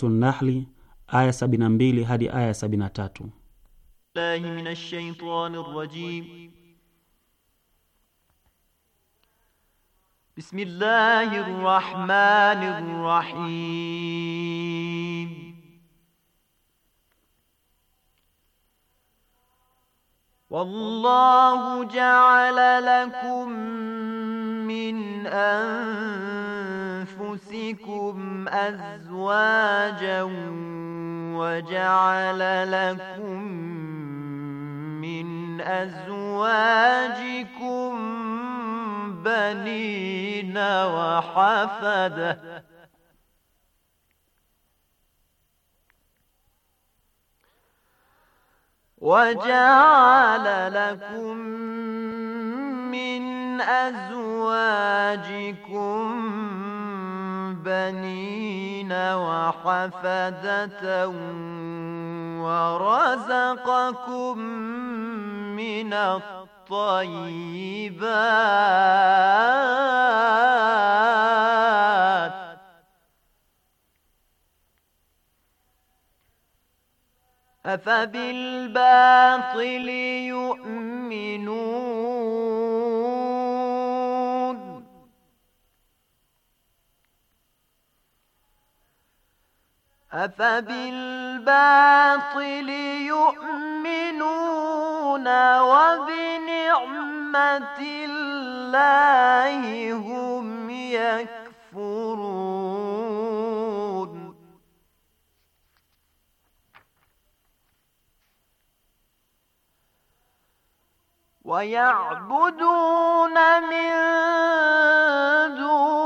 Suratu Nahli aya 72 hadi aya 73. Billahi minash shaitani rrajim. Bismillahir rahmanir rahim أزواجكم بنين وحفدة وجعل لكم من أزواجكم بنين وحفدة ورزقكم من الطيبات أفبالباطل يؤمنون أفبالباطل يؤمنون وبنعمة الله هم يكفرون ويعبدون من دون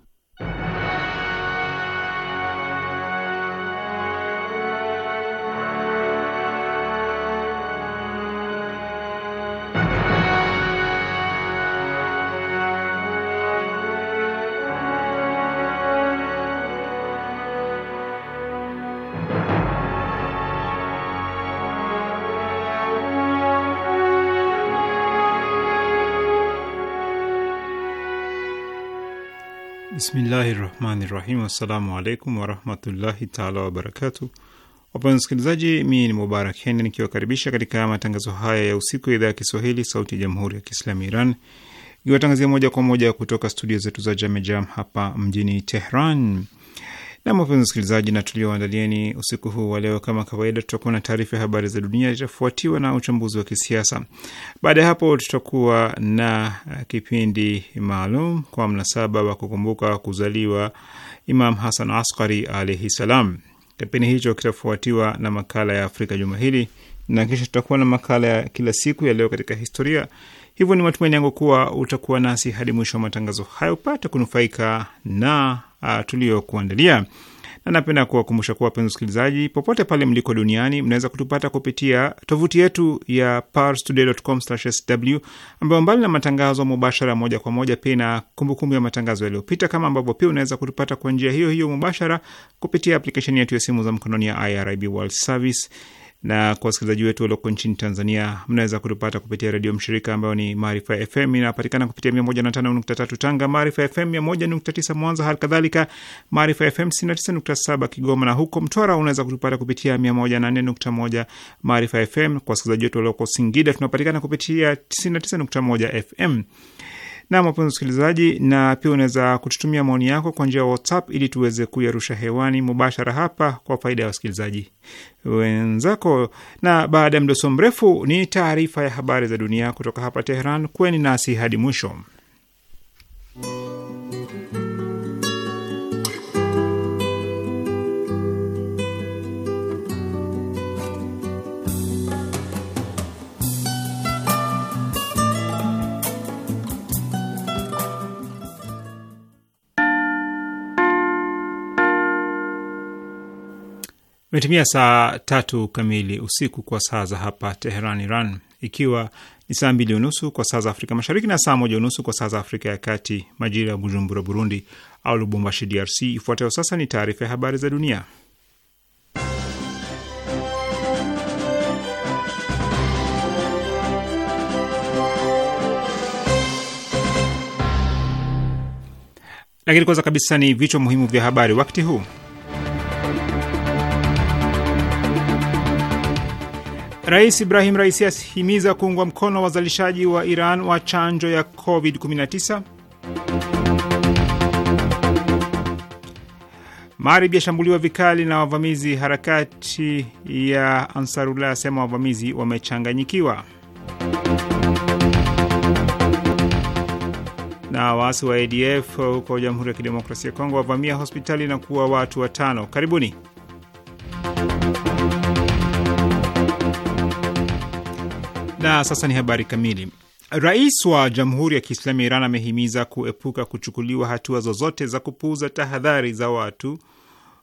Bismillahi rahmani rahim. Assalamu alaikum warahmatullahi taala wabarakatu. Wapenzi msikilizaji mii ni Mubarak Heni nikiwakaribisha katika matangazo haya ya usiku ya idhaa ya Kiswahili sauti ya jamhuri ya Kiislamu Iran ikiwatangazia moja kwa moja kutoka studio zetu za Jamejam hapa mjini Tehran. Na wapenzi msikilizaji, na tulioandalieni usiku huu wa leo, kama kawaida, tutakuwa na taarifa ya habari za dunia, itafuatiwa na uchambuzi wa kisiasa. Baada ya hapo, tutakuwa na eh, kipindi maalum kwa mnasaba wa kukumbuka kuzaliwa Imam Hasan Askari alaihi salam. Kipindi hicho kitafuatiwa na makala ya Afrika juma hili, na kisha tutakuwa na makala ya kila siku ya leo katika historia. Hivyo ni matumaini yangu kuwa utakuwa nasi hadi mwisho wa matangazo hayo, upate kunufaika na uh, tuliyokuandalia na napenda kuwakumbusha kuwa wapenzi wasikilizaji, popote pale mliko duniani, mnaweza kutupata kupitia tovuti yetu ya parstoday.com/sw, ambayo mbali na matangazo mubashara moja kwa moja, pia ina kumbukumbu ya matangazo yaliyopita, kama ambavyo pia unaweza kutupata kwa njia hiyo hiyo mubashara kupitia aplikesheni yetu ya simu za mkononi ya IRIB World Service na kwa wasikilizaji wetu walioko nchini Tanzania, mnaweza kutupata kupitia redio mshirika ambayo ni Maarifa FM. Inapatikana kupitia 105.3 Tanga, Maarifa FM 101.9 Mwanza, hali kadhalika Maarifa FM 99.7 Kigoma, na huko Mtwara unaweza kutupata kupitia 104.1 Maarifa FM. Kwa wasikilizaji wetu walioko Singida, tunapatikana kupitia 99.1 FM. Na wapenzi msikilizaji, na pia unaweza kututumia maoni yako kwa njia ya WhatsApp ili tuweze kuyarusha hewani mubashara hapa kwa faida ya wasikilizaji wenzako. Na baada ya mdoso mrefu, ni taarifa ya habari za dunia kutoka hapa Teheran. Kweni nasi hadi mwisho. Imetimia saa tatu kamili usiku kwa saa za hapa Teheran, Iran, ikiwa ni saa mbili unusu kwa saa za Afrika Mashariki na saa moja unusu kwa saa za Afrika ya Kati, majira ya Bujumbura, Burundi, au Lubumbashi, DRC. Ifuatayo sasa ni taarifa ya habari za dunia, lakini kwanza kabisa ni vichwa muhimu vya habari wakati huu. Rais Ibrahim Raisi asihimiza kuungwa mkono wazalishaji wa Iran wa chanjo ya COVID-19. Marib yashambuliwa vikali na wavamizi. Harakati ya Ansarullah asema wavamizi wamechanganyikiwa. Na waasi wa ADF huko Jamhuri ya Kidemokrasia ya Kongo wavamia hospitali na kuua watu watano. Karibuni. Na sasa ni habari kamili. Rais wa Jamhuri ya Kiislamu ya Iran amehimiza kuepuka kuchukuliwa hatua zozote za kupuuza tahadhari za watu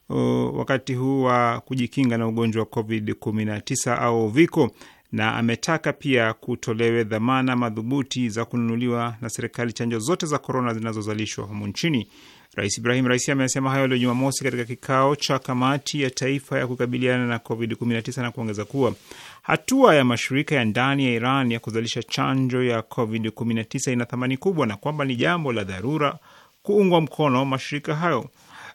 uh, wakati huu wa kujikinga na ugonjwa wa COVID-19 au uviko na ametaka pia kutolewe dhamana madhubuti za kununuliwa na serikali chanjo zote za korona zinazozalishwa humu nchini. Rais Ibrahim Raisi amesema hayo leo Jumamosi katika kikao cha kamati ya taifa ya kukabiliana na COVID-19 na kuongeza kuwa Hatua ya mashirika ya ndani ya Iran ya kuzalisha chanjo ya COVID-19 ina thamani kubwa na kwamba ni jambo la dharura kuungwa mkono mashirika hayo.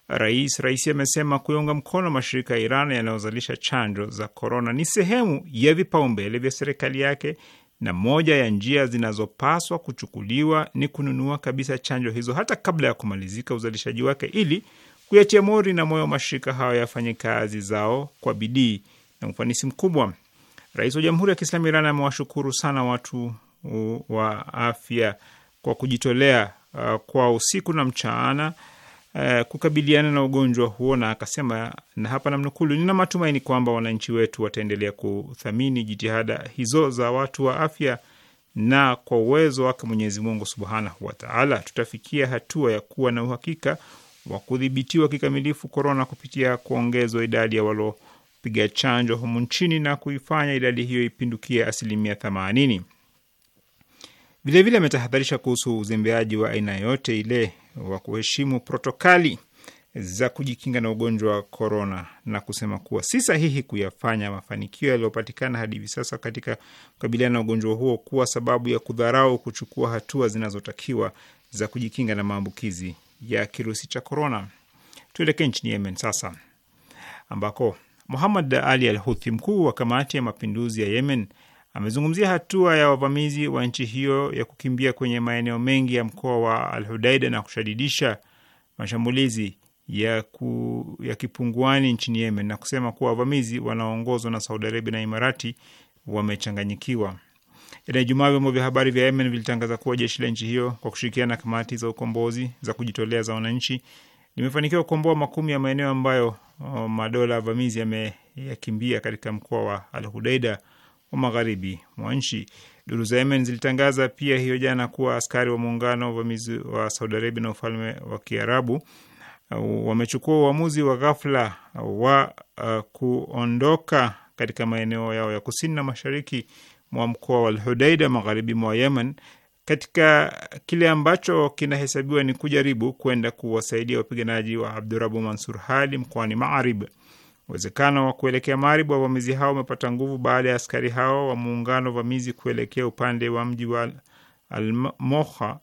Rais Raisi amesema kuyaunga mkono mashirika ya Iran yanayozalisha chanjo za korona ni sehemu ya vipaumbele vya serikali yake, na moja ya njia zinazopaswa kuchukuliwa ni kununua kabisa chanjo hizo hata kabla ya kumalizika uzalishaji wake, ili kuyatia mori na moyo mashirika hayo yafanye kazi zao kwa bidii na ufanisi mkubwa. Rais wa Jamhuri ya Kiislamu Iran amewashukuru sana watu wa afya kwa kujitolea uh, kwa usiku na mchana uh, kukabiliana na ugonjwa huo, na akasema, na hapa namnukulu, nina matumaini kwamba wananchi wetu wataendelea kuthamini jitihada hizo za watu wa afya na kwa uwezo wake Mwenyezi Mungu subhanahu wataala, tutafikia hatua ya kuwa na uhakika wa kudhibitiwa kikamilifu korona kupitia kuongezwa idadi ya walio kupiga chanjo humu nchini na kuifanya idadi hiyo ipindukie asilimia 80 Vilevile ametahadharisha kuhusu uzembeaji wa aina yote ile wa kuheshimu protokali za kujikinga na ugonjwa wa korona na kusema kuwa si sahihi kuyafanya mafanikio yaliyopatikana hadi hivi sasa katika kukabiliana na ugonjwa huo kuwa sababu ya kudharau kuchukua hatua zinazotakiwa za kujikinga na maambukizi ya kirusi cha korona. Tuelekee nchini Yemen sasa ambako Muhammad Ali al Huthi, mkuu wa kamati ya mapinduzi ya Yemen, amezungumzia hatua ya wavamizi wa nchi hiyo ya kukimbia kwenye maeneo mengi ya mkoa wa al Hudaida na kushadidisha mashambulizi ya, ku, ya kipunguani nchini Yemen na kusema kuwa wavamizi wanaoongozwa na Saudi Arabia na Imarati wamechanganyikiwa. Jana Ijumaa, vyombo vya habari vya Yemen vilitangaza kuwa jeshi la nchi hiyo kwa kushirikiana na kamati za ukombozi za kujitolea za wananchi limefanikiwa kukomboa makumi ya maeneo ambayo o, uh, madola vamizi yameyakimbia katika mkoa wa Al Hudaida wa magharibi mwa nchi. Duru za Yemen zilitangaza pia hiyo jana kuwa askari wa muungano vamizi wa Saudi Arabia na ufalme wa Kiarabu uh, wamechukua uamuzi wa ghafla wa uh, kuondoka katika maeneo yao ya kusini na mashariki mwa mkoa wa Al Hudaida magharibi mwa Yemen katika kile ambacho kinahesabiwa ni kujaribu kwenda kuwasaidia wapiganaji wa Abdurabu Mansur Hadi mkoani Maarib. Uwezekano wa kuelekea Maarib wa wavamizi hao wamepata nguvu baada ya askari hao wa muungano wavamizi kuelekea upande wa mji wa Almoha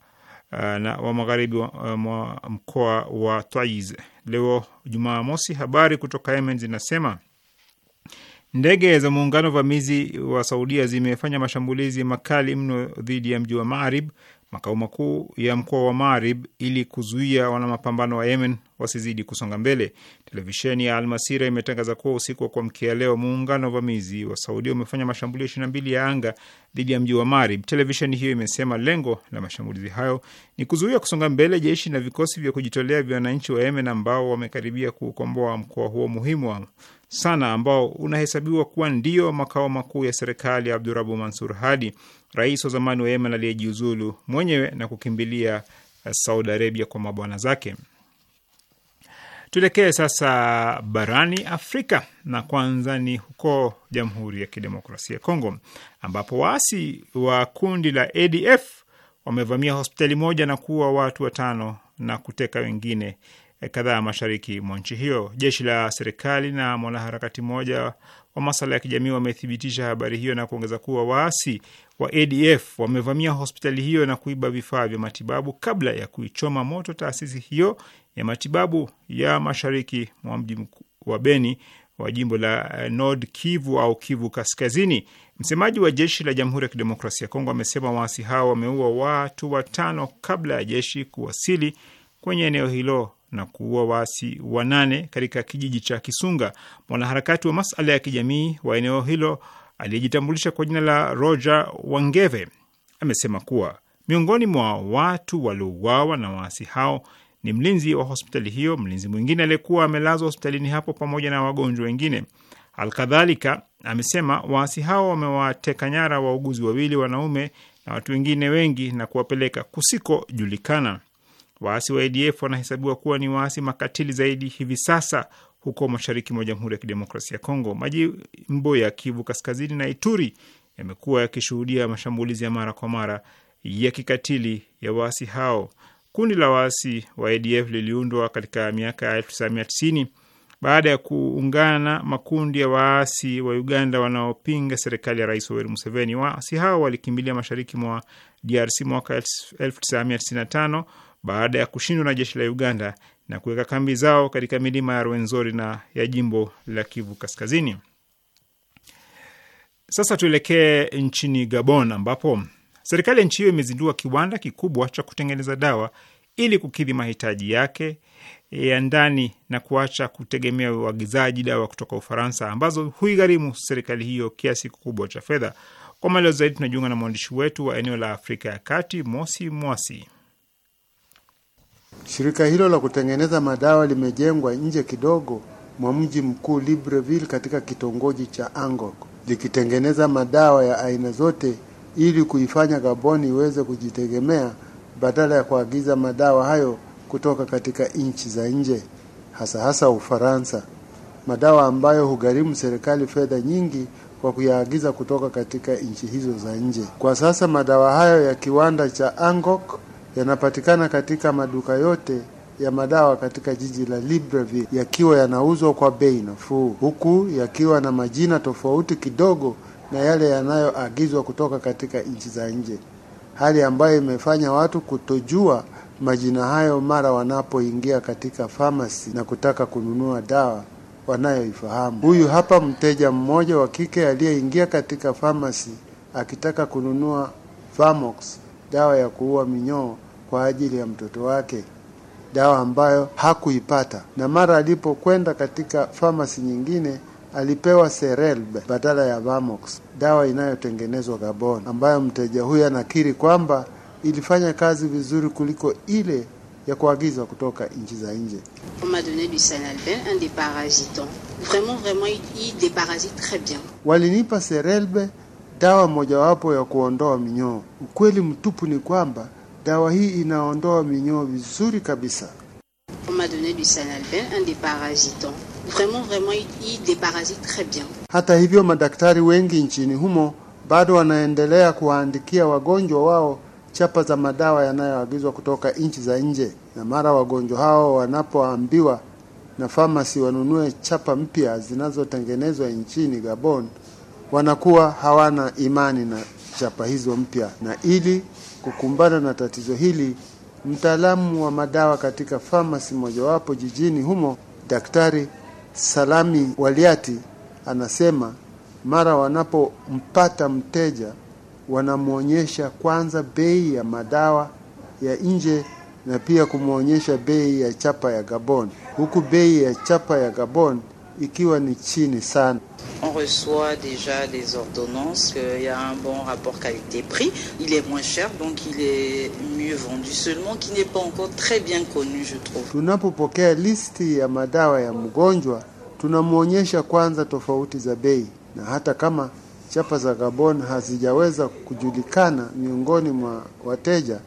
uh, na wa magharibi uh, mwa mkoa wa Taiz. Leo Jumaa mosi, habari kutoka Yemen zinasema Ndege za muungano vamizi wa Saudia zimefanya mashambulizi makali mno dhidi ya mji wa Marib, makao makuu ya mkoa wa Marib, ili kuzuia wanamapambano wa Yemen wasizidi kusonga mbele. Televisheni ya Almasira imetangaza kuwa usiku wa kuamkia leo muungano vamizi wa Saudia umefanya mashambulio ishirini na mbili ya anga dhidi ya mji wa Marib. Televisheni hiyo imesema lengo la mashambulizi hayo ni kuzuia kusonga mbele jeshi na vikosi vya kujitolea vya wananchi wa Yemen ambao wamekaribia kuukomboa mkoa huo muhimu wa sana ambao unahesabiwa kuwa ndio makao makuu ya serikali ya Abdurabu Mansur Hadi, rais wa zamani wa Yemen aliyejiuzulu mwenyewe na kukimbilia eh, Saudi Arabia kwa mabwana zake. Tuelekee sasa barani Afrika na kwanza ni huko Jamhuri ya Kidemokrasia ya Kongo ambapo waasi wa kundi la ADF wamevamia hospitali moja na kuua watu watano na kuteka wengine Eh, kadhaa mashariki mwa nchi hiyo. Jeshi la serikali na mwanaharakati mmoja wa masala ya kijamii wamethibitisha habari hiyo na kuongeza kuwa waasi wa ADF wamevamia hospitali hiyo na kuiba vifaa vya matibabu kabla ya kuichoma moto taasisi hiyo ya matibabu ya mashariki mwa mji wa Beni wa jimbo la eh, Nord Kivu au Kivu Kaskazini. Msemaji wa jeshi la Jamhuri ya Kidemokrasia ya Kongo amesema waasi hao wameua watu watano kabla ya jeshi kuwasili kwenye eneo hilo na kuua waasi wanane katika kijiji cha Kisunga. Mwanaharakati wa masala ya kijamii wa eneo hilo aliyejitambulisha kwa jina la Roger Wangeve amesema kuwa miongoni mwa watu waliouawa na waasi hao ni mlinzi wa hospitali hiyo, mlinzi mwingine aliyekuwa amelazwa hospitalini hapo, pamoja na wagonjwa wengine. Alkadhalika amesema waasi hao wamewateka nyara wauguzi wawili wanaume na watu wengine wengi na kuwapeleka kusikojulikana. Waasi wa ADF wanahesabiwa kuwa ni waasi makatili zaidi hivi sasa huko mashariki mwa Jamhuri ya Kidemokrasia ya Kongo. Majimbo ya Kivu Kaskazini na Ituri yamekuwa yakishuhudia mashambulizi ya mara kwa mara ya kikatili ya waasi hao. Kundi la waasi wa ADF liliundwa katika miaka ya 1990 baada ya kuungana makundi ya waasi wa Uganda wanaopinga serikali ya Rais Yoweri Museveni. Waasi hao walikimbilia mashariki mwa DRC mwaka 1995 baada ya kushindwa na jeshi la Uganda na kuweka kambi zao katika milima ya Rwenzori na ya jimbo la Kivu Kaskazini. Sasa tuelekee nchini Gabon ambapo serikali ya nchi hiyo imezindua kiwanda kikubwa cha kutengeneza dawa ili kukidhi mahitaji yake ya ndani na kuacha kutegemea uagizaji dawa kutoka Ufaransa ambazo huigharimu serikali hiyo kiasi kikubwa cha fedha. Kwa maelezo zaidi tunajiunga na mwandishi wetu wa eneo la Afrika ya Kati, Mosi Mwasi. Shirika hilo la kutengeneza madawa limejengwa nje kidogo mwa mji mkuu Libreville katika kitongoji cha Angok, likitengeneza madawa ya aina zote ili kuifanya Gabon iweze kujitegemea badala ya kuagiza madawa hayo kutoka katika nchi za nje, hasa hasa Ufaransa, madawa ambayo hugharimu serikali fedha nyingi kwa kuyaagiza kutoka katika nchi hizo za nje. Kwa sasa madawa hayo ya kiwanda cha Angok yanapatikana katika maduka yote ya madawa katika jiji la Libreville yakiwa yanauzwa kwa bei nafuu, huku yakiwa na majina tofauti kidogo na yale yanayoagizwa kutoka katika nchi za nje, hali ambayo imefanya watu kutojua majina hayo mara wanapoingia katika famasi na kutaka kununua dawa wanayoifahamu. Huyu hapa mteja mmoja wa kike aliyeingia katika famasi akitaka kununua Famox dawa ya kuua minyoo kwa ajili ya mtoto wake, dawa ambayo hakuipata, na mara alipokwenda katika famasi nyingine alipewa Serelbe badala ya Vamox, dawa inayotengenezwa Gabon, ambayo mteja huyo anakiri kwamba ilifanya kazi vizuri kuliko ile ya kuagizwa kutoka nchi za nje. Walinipa Serelbe dawa mojawapo ya kuondoa minyoo. Ukweli mtupu ni kwamba dawa hii inaondoa minyoo vizuri kabisa. Hata hivyo, madaktari wengi nchini humo bado wanaendelea kuwaandikia wagonjwa wao chapa za madawa yanayoagizwa kutoka nchi za nje, na mara wagonjwa hao wanapoambiwa na famasi wanunue chapa mpya zinazotengenezwa nchini Gabon wanakuwa hawana imani na chapa hizo mpya, na ili kukumbana na tatizo hili, mtaalamu wa madawa katika famasi mojawapo jijini humo, Daktari Salami Waliati anasema mara wanapompata mteja wanamwonyesha kwanza bei ya madawa ya nje na pia kumwonyesha bei ya chapa ya Gabon, huku bei ya chapa ya Gabon ikiwa ni chini sana. On reçoit déjà des ordonnances, qu'il y a un bon rapport qualité-prix. Il est moins cher, donc il est mieux vendu, seulement qui n'est pas encore très bien connu, je trouve. Tunapopokea listi ya madawa ya mgonjwa, tunamwonyesha kwanza tofauti za bei, na hata kama chapa za Gabon hazijaweza kujulikana miongoni mwa wateja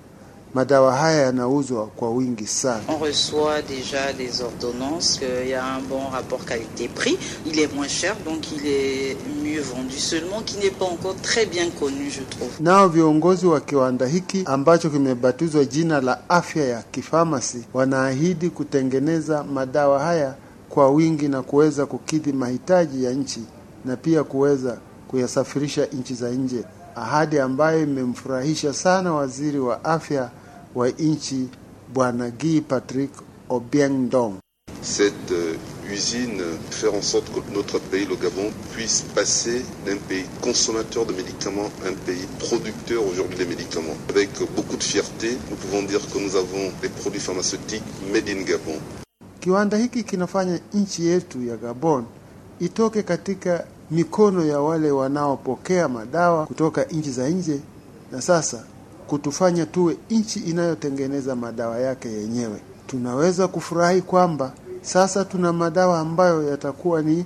Madawa haya yanauzwa kwa wingi sana. On reçoit déjà les ordonnances qu'il y a un bon rapport qualité prix, il est moins cher donc il est mieux vendu seulement qui n'est pas encore très bien connu je trouve. Nao viongozi wa kiwanda hiki ambacho kimebatizwa jina la afya ya kifamasi wanaahidi kutengeneza madawa haya kwa wingi na kuweza kukidhi mahitaji ya nchi na pia kuweza kuyasafirisha nchi za nje, ahadi ambayo imemfurahisha sana waziri wa afya wa nchi Bwana Guy Patrick Obiang Dong. Cette euh, usine faire en sorte que notre pays, le Gabon, puisse passer d'un pays consommateur de médicaments à un pays producteur aujourd'hui des médicaments. Avec beaucoup de fierté, nous pouvons dire que nous avons des produits pharmaceutiques made in Gabon. Kiwanda hiki kinafanya nchi yetu ya Gabon itoke katika mikono ya wale wanaopokea madawa kutoka nchi za nje na sasa kutufanya tuwe nchi inayotengeneza madawa yake yenyewe. Tunaweza kufurahi kwamba sasa tuna madawa ambayo yatakuwa ni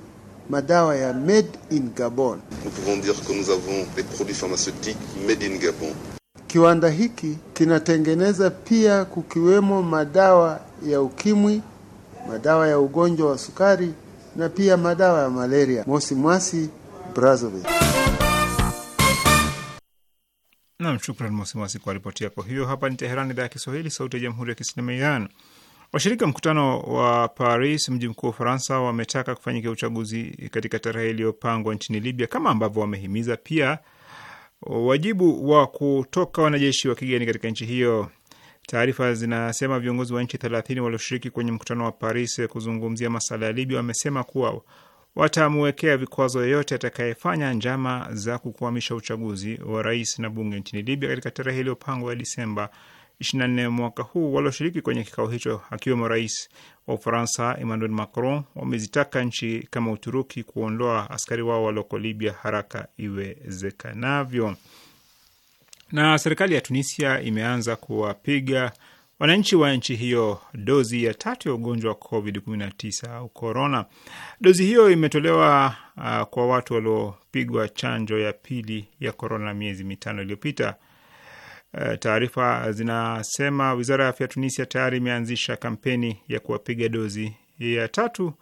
madawa ya made in Gabon. Nous pouvons dire que nous avons des produits pharmaceutiques made in Gabon. Kiwanda hiki kinatengeneza pia kukiwemo madawa ya ukimwi, madawa ya ugonjwa wa sukari na pia madawa ya malaria. Mosi Mwasi, Brazzaville. Nam, shukran Mosimasi kwa ripoti yako hiyo. Hapa ni Teheran, idhaa ya Kiswahili, sauti ya jamhuri ya kiislamu ya Iran. Washirika mkutano wa Paris, mji mkuu wa Ufaransa, wametaka kufanyika uchaguzi katika tarehe iliyopangwa nchini Libya, kama ambavyo wamehimiza pia wajibu wa kutoka wanajeshi wa kigeni katika nchi hiyo. Taarifa zinasema viongozi wa nchi thelathini walioshiriki kwenye mkutano wa Paris kuzungumzia masala ya Libya wamesema kuwa watamwekea vikwazo yoyote atakayefanya njama za kukwamisha uchaguzi wa rais na bunge nchini Libya katika tarehe iliyopangwa ya Disemba 24 mwaka huu. Walioshiriki kwenye kikao hicho akiwemo rais wa Ufaransa Emmanuel Macron wamezitaka nchi kama Uturuki kuondoa askari wao walioko Libya haraka iwezekanavyo. Na serikali ya Tunisia imeanza kuwapiga wananchi wa nchi hiyo dozi ya tatu ya ugonjwa wa COVID-19 au corona. Dozi hiyo imetolewa uh, kwa watu waliopigwa chanjo ya pili ya korona miezi mitano iliyopita. Uh, taarifa zinasema wizara ya afya Tunisia tayari imeanzisha kampeni ya kuwapiga dozi ya tatu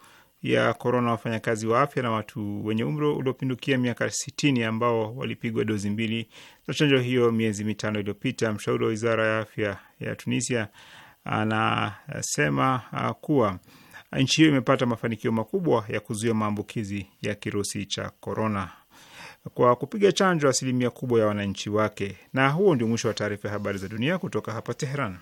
ya korona wafanyakazi wa afya na watu wenye umri uliopindukia miaka sitini ambao walipigwa dozi mbili za chanjo hiyo miezi mitano iliyopita. Mshauri wa wizara ya afya ya Tunisia anasema ah, kuwa nchi hiyo imepata mafanikio makubwa ya kuzuia maambukizi ya kirusi cha korona kwa kupiga chanjo asilimia kubwa ya wananchi wake. Na huo ndio mwisho wa taarifa ya habari za dunia kutoka hapa Teheran.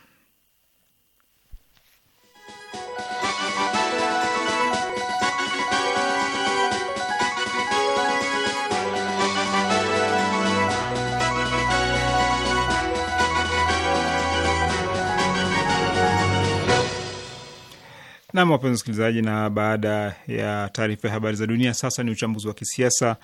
Nam, wapenzi msikilizaji, na baada ya taarifa ya habari za dunia, sasa ni uchambuzi wa kisiasa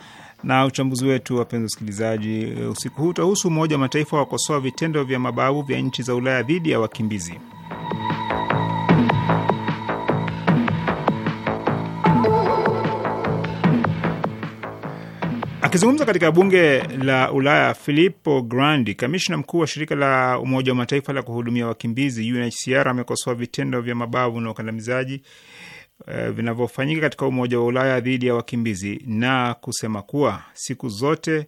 na uchambuzi wetu, wapenzi wasikilizaji, eh, usiku huu utahusu Umoja wa Mataifa wakosoa vitendo vya mabavu vya nchi za Ulaya dhidi ya wakimbizi. Akizungumza katika bunge la Ulaya, Filippo Grandi, kamishna mkuu wa shirika la Umoja wa Mataifa la kuhudumia wakimbizi UNHCR, amekosoa vitendo vya mabavu na ukandamizaji eh, vinavyofanyika katika Umoja wa Ulaya dhidi ya wakimbizi na kusema kuwa siku zote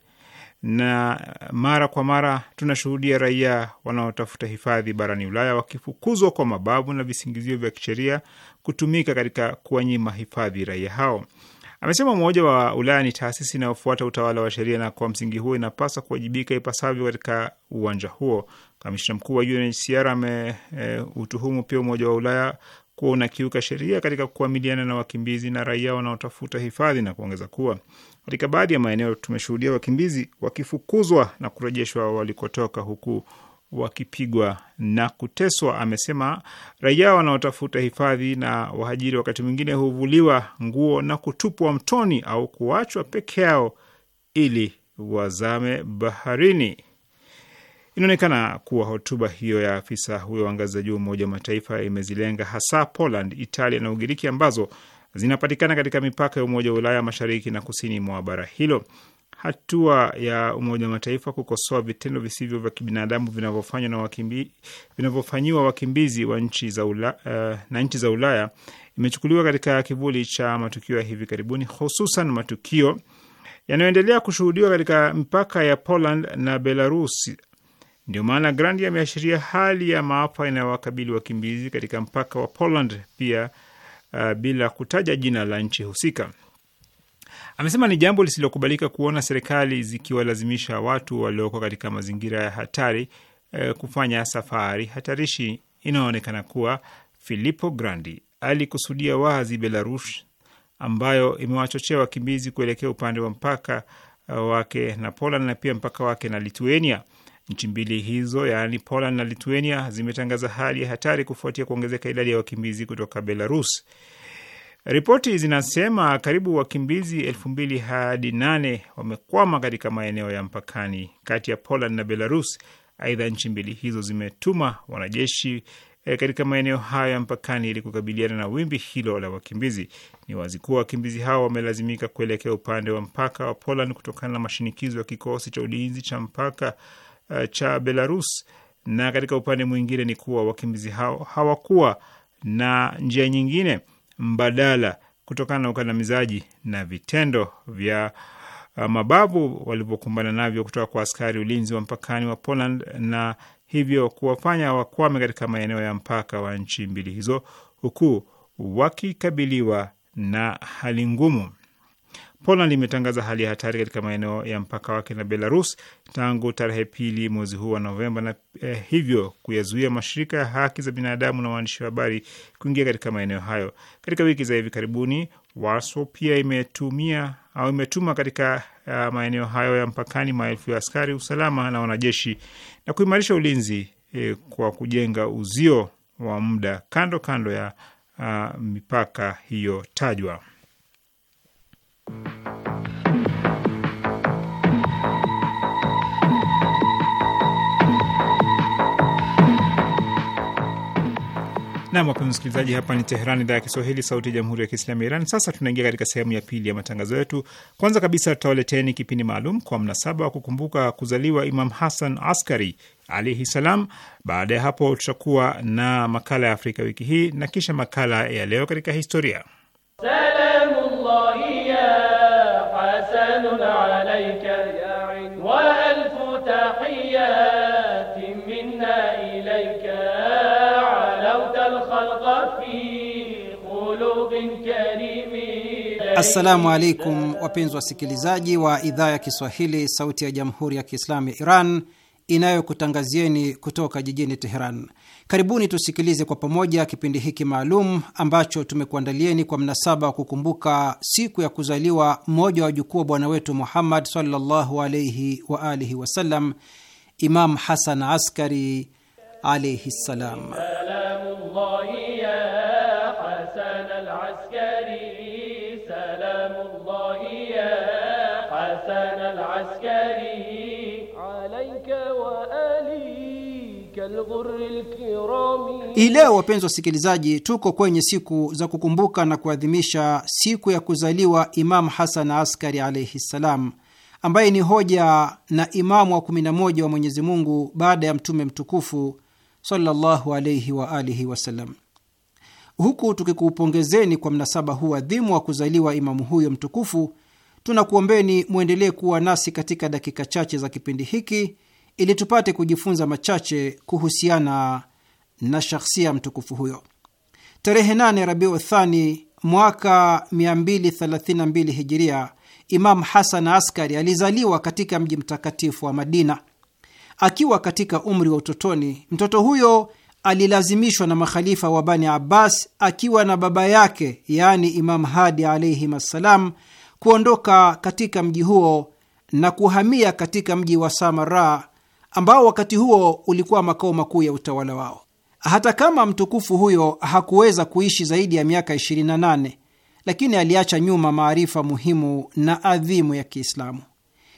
na mara kwa mara tunashuhudia raia wanaotafuta hifadhi barani Ulaya wakifukuzwa kwa mabavu na visingizio vya kisheria kutumika katika kuwanyima hifadhi raia hao. Amesema Umoja wa Ulaya ni taasisi inayofuata utawala wa sheria na kwa msingi huo inapaswa kuwajibika ipasavyo katika uwanja huo. Kamishna mkuu wa UNHCR ameutuhumu e, pia Umoja wa Ulaya kuwa unakiuka sheria katika kuamiliana na wakimbizi na raia wanaotafuta hifadhi na kuongeza kuwa katika baadhi ya maeneo tumeshuhudia wakimbizi wakifukuzwa na kurejeshwa walikotoka huku wakipigwa na kuteswa. Amesema raia wanaotafuta hifadhi na wahajiri wakati mwingine huvuliwa nguo na kutupwa mtoni au kuachwa peke yao ili wazame baharini. Inaonekana kuwa hotuba hiyo ya afisa huyo wa ngazi za juu Umoja wa Mataifa imezilenga hasa Poland, Italia na Ugiriki ambazo zinapatikana katika mipaka ya Umoja wa Ulaya mashariki na kusini mwa bara hilo hatua ya Umoja wa Mataifa kukosoa vitendo visivyo vya kibinadamu vinavyofanywa na wakimbi, vinavyofanyiwa wakimbizi wa nchi za ula, uh, na nchi za Ulaya imechukuliwa katika kivuli cha matukio ya hivi karibuni, hususan matukio yanayoendelea kushuhudiwa katika mpaka ya Poland na Belarus. Ndio maana Grandi ameashiria hali ya maafa inayowakabili wakimbizi katika mpaka wa Poland pia, uh, bila kutaja jina la nchi husika. Amesema ni jambo lisilokubalika kuona serikali zikiwalazimisha watu walioko katika mazingira ya hatari eh, kufanya safari hatarishi. Inaonekana kuwa Filippo Grandi alikusudia wazi Belarus ambayo imewachochea wakimbizi kuelekea upande wa mpaka eh, wake na Poland na pia mpaka wake na Lithuania. Nchi mbili hizo yaani Poland na Lithuania zimetangaza hali ya hatari kufuatia kuongezeka idadi ya wakimbizi kutoka Belarus. Ripoti zinasema karibu wakimbizi elfu mbili hadi nane wamekwama katika maeneo ya mpakani kati ya Poland na Belarus. Aidha, nchi mbili hizo zimetuma wanajeshi E, katika maeneo hayo ya mpakani ili kukabiliana na wimbi hilo la wakimbizi. Ni wazi kuwa wakimbizi hao wamelazimika kuelekea upande wa mpaka wa Poland kutokana na mashinikizo ya kikosi cha ulinzi cha mpaka uh, cha Belarus. Na katika upande mwingine ni kuwa wakimbizi hao hawakuwa na njia nyingine mbadala kutokana na ukandamizaji na vitendo vya uh, mabavu walivyokumbana navyo kutoka kwa askari ulinzi wa mpakani wa Poland na hivyo kuwafanya wakwame katika maeneo ya mpaka wa nchi mbili hizo huku wakikabiliwa na hali ngumu. Poland imetangaza hali ya hatari katika maeneo ya mpaka wake na Belarus tangu tarehe pili mwezi huu wa Novemba na eh, hivyo kuyazuia mashirika ya haki za binadamu na waandishi wa habari kuingia katika maeneo hayo. Katika wiki za hivi karibuni, Warsaw pia imetumia au imetuma katika uh, maeneo hayo ya mpakani maelfu ya askari usalama na wanajeshi na kuimarisha ulinzi eh, kwa kujenga uzio wa muda kando kando ya uh, mipaka hiyo tajwa. Nam, wapenzi msikilizaji, hapa ni Teheran, idhaa ya Kiswahili, sauti ya jamhuri ya kiislamu ya Iran. Sasa tunaingia katika sehemu ya pili ya matangazo yetu. Kwanza kabisa, tutawaleteni kipindi maalum kwa mnasaba wa kukumbuka kuzaliwa Imam Hasan Askari alaihi salam. Baada ya hapo, tutakuwa na makala ya Afrika wiki hii na kisha makala ya leo katika historia Assalamu alaikum wapenzi wasikilizaji wa idhaa ya Kiswahili, sauti ya jamhuri ya kiislamu ya Iran inayokutangazieni kutoka jijini Teheran. Karibuni tusikilize kwa pamoja kipindi hiki maalum ambacho tumekuandalieni kwa mnasaba wa kukumbuka siku ya kuzaliwa mmoja wa wajukuu wa bwana wetu Muhammad sallallahu alaihi wa alihi wasallam, Imam Hasan Askari alaihi ssalam. Hii leo wapenzi wasikilizaji, tuko kwenye siku za kukumbuka na kuadhimisha siku ya kuzaliwa Imamu Hasan Askari alaihi ssalam, ambaye ni hoja na imamu wa 11 wa Mwenyezi Mungu baada ya Mtume mtukufu sallallahu alaihi wa alihi wasallam. Huku tukikuupongezeni kwa mnasaba huu adhimu wa kuzaliwa imamu huyo mtukufu, tunakuombeni mwendelee kuwa nasi katika dakika chache za kipindi hiki ili tupate kujifunza machache kuhusiana na shakhsia mtukufu huyo. Tarehe 8 Rabiu Thani mwaka 232 Hijiria, Imam Hasan Askari alizaliwa katika mji mtakatifu wa Madina. Akiwa katika umri wa utotoni, mtoto huyo alilazimishwa na makhalifa wa Bani Abbas akiwa na baba yake, yaani Imam Hadi alaihim assalam, kuondoka katika mji huo na kuhamia katika mji wa Samara ambao wakati huo ulikuwa makao makuu ya utawala wao. Hata kama mtukufu huyo hakuweza kuishi zaidi ya miaka 28 lakini aliacha nyuma maarifa muhimu na adhimu ya Kiislamu.